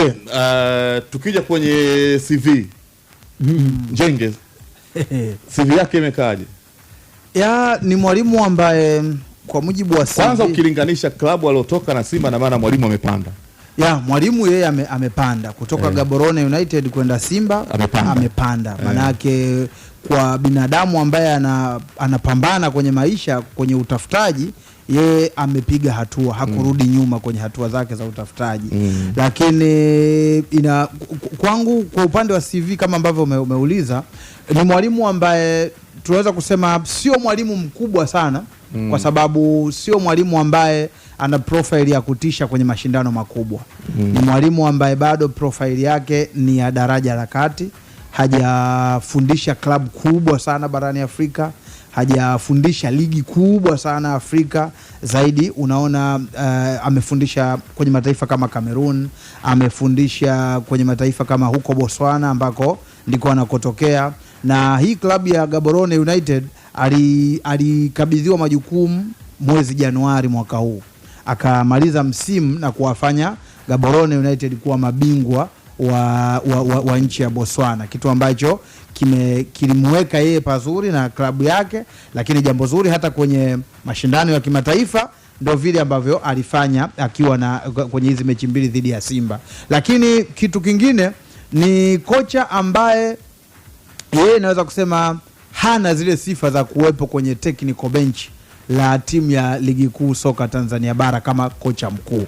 okay. Uh, tukija kwenye CV mm. Mm-hmm. Jenge CV yake imekaaje? Ya, ni mwalimu ambaye kwa mujibu wa CV. Kwanza ukilinganisha klabu aliotoka na Simba na maana mwalimu amepanda ya mwalimu yeye ame, amepanda kutoka e, Gaborone United kwenda Simba amepanda, amepanda. Eh. Manake kwa binadamu ambaye ana, anapambana kwenye maisha kwenye utafutaji yeye amepiga hatua hakurudi mm. nyuma kwenye hatua zake za utafutaji mm. Lakini ina kwangu kwa upande wa CV kama ambavyo ume, umeuliza ni mwalimu ambaye tunaweza kusema sio mwalimu mkubwa sana mm. kwa sababu sio mwalimu ambaye ana profile ya kutisha kwenye mashindano makubwa mm. ni mwalimu ambaye bado profile yake ni ya daraja la kati, hajafundisha klabu kubwa sana barani Afrika, hajafundisha ligi kubwa sana Afrika zaidi. Unaona uh, amefundisha kwenye mataifa kama Cameroon, amefundisha kwenye mataifa kama huko Botswana ambako ndiko anakotokea, na hii klabu ya Gaborone United alikabidhiwa majukumu mwezi Januari mwaka huu, akamaliza msimu na kuwafanya Gaborone United kuwa mabingwa wa, wa, wa, wa nchi ya Botswana, kitu ambacho kilimweka yeye pazuri na klabu yake. Lakini jambo zuri, hata kwenye mashindano ya kimataifa ndo vile ambavyo alifanya akiwa na kwenye hizi mechi mbili dhidi ya Simba. Lakini kitu kingine ni kocha ambaye yeye naweza kusema hana zile sifa za kuwepo kwenye technical bench la timu ya ligi kuu soka Tanzania bara kama kocha mkuu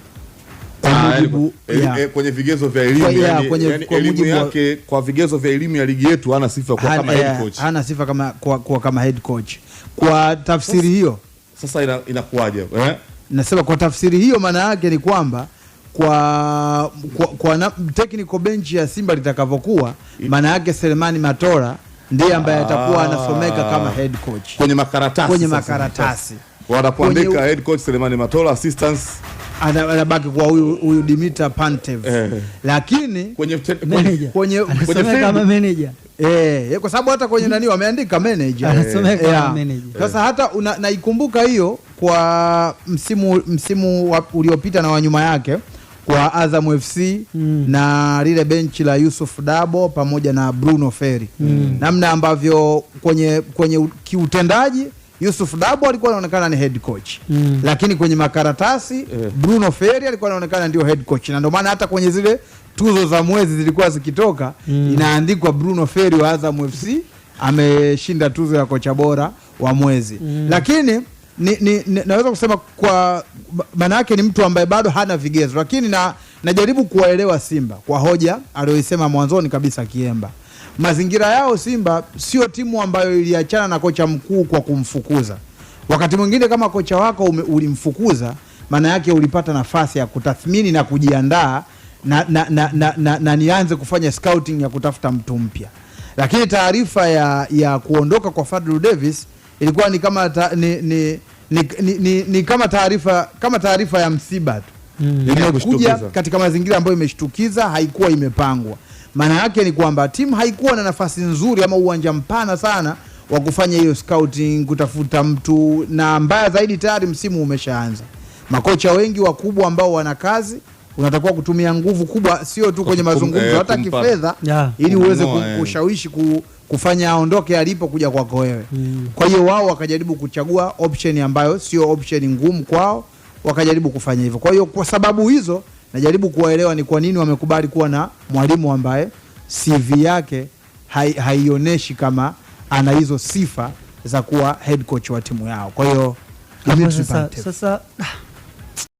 kwa ah, mujibu, ya, eh, kwenye vigezo vya elimu yani, yani, ya, kwenye, kwa elimu mujibu, yake, kwa vigezo vya elimu ya ligi yetu hana sifa kwa hana, kama head eh, coach, hana sifa kama kwa, kwa kama head coach. Kwa tafsiri hiyo sasa inakuwaje? Eh, nasema kwa tafsiri hiyo maana yake ni kwamba kwa, kwa, kwa na, technical bench ya Simba litakavyokuwa maana yake Selemani Matola ndiye ambaye ah. atakuwa anasomeka kama head coach kwenye makaratasi, kwenye makaratasi wanapoandika head coach Selemani Matola assistance anabaki kwa huyu huyu Dimitar Pantev eh, lakini kwenye kwenye, kwenye, kama manager eh. eh, kwa sababu hata kwenye nani wameandika manager anasomeka eh, kama manager sasa. Hata naikumbuka hiyo kwa msimu msimu uliopita na wanyuma yake kwa Azam FC mm. na lile benchi la Yusuf Dabo pamoja na Bruno Ferri mm. namna ambavyo kwenye, kwenye kiutendaji Yusuf Dabo alikuwa anaonekana ni head coach mm. lakini kwenye makaratasi eh. Bruno Ferri alikuwa anaonekana ndio head coach, na ndio maana hata kwenye zile tuzo za mwezi zilikuwa zikitoka mm. inaandikwa Bruno Ferri wa Azam FC ameshinda tuzo ya kocha bora wa mwezi mm. lakini ni, ni, ni, naweza kusema kwa maana yake ni mtu ambaye bado hana vigezo, lakini na najaribu kuwaelewa Simba kwa hoja aliyoisema mwanzoni kabisa Kiemba. Mazingira yao Simba sio timu ambayo iliachana na kocha mkuu kwa kumfukuza. Wakati mwingine kama kocha wako ulimfukuza, maana yake ulipata nafasi ya kutathmini na kujiandaa na, na, na, na, na, na nianze kufanya scouting ya kutafuta mtu mpya, lakini taarifa ya, ya kuondoka kwa Fadlu Davis ilikuwa ni kama ta, ni, ni, ni, ni, ni, ni kama taarifa kama taarifa ya msiba tu mm. Yaani Imekuja katika mazingira ambayo imeshtukiza, haikuwa imepangwa. Maana yake ni kwamba timu haikuwa na nafasi nzuri ama uwanja mpana sana wa kufanya hiyo scouting, kutafuta mtu, na mbaya zaidi tayari msimu umeshaanza. Makocha wengi wakubwa ambao wana kazi unatakiwa kutumia nguvu kubwa, sio tu kwenye mazungumzo, eh, hata kifedha, ili uweze eh. kushawishi kufanya aondoke alipo kuja kwako wewe. Mm. Kwa hiyo wao wakajaribu kuchagua option ambayo sio option ngumu kwao, wakajaribu kufanya hivyo. Kwa hiyo kwa sababu hizo najaribu kuwaelewa ni kwa nini wamekubali kuwa na mwalimu ambaye CV yake haionyeshi kama ana hizo sifa za kuwa head coach wa timu yao. Kwa hiyo sasa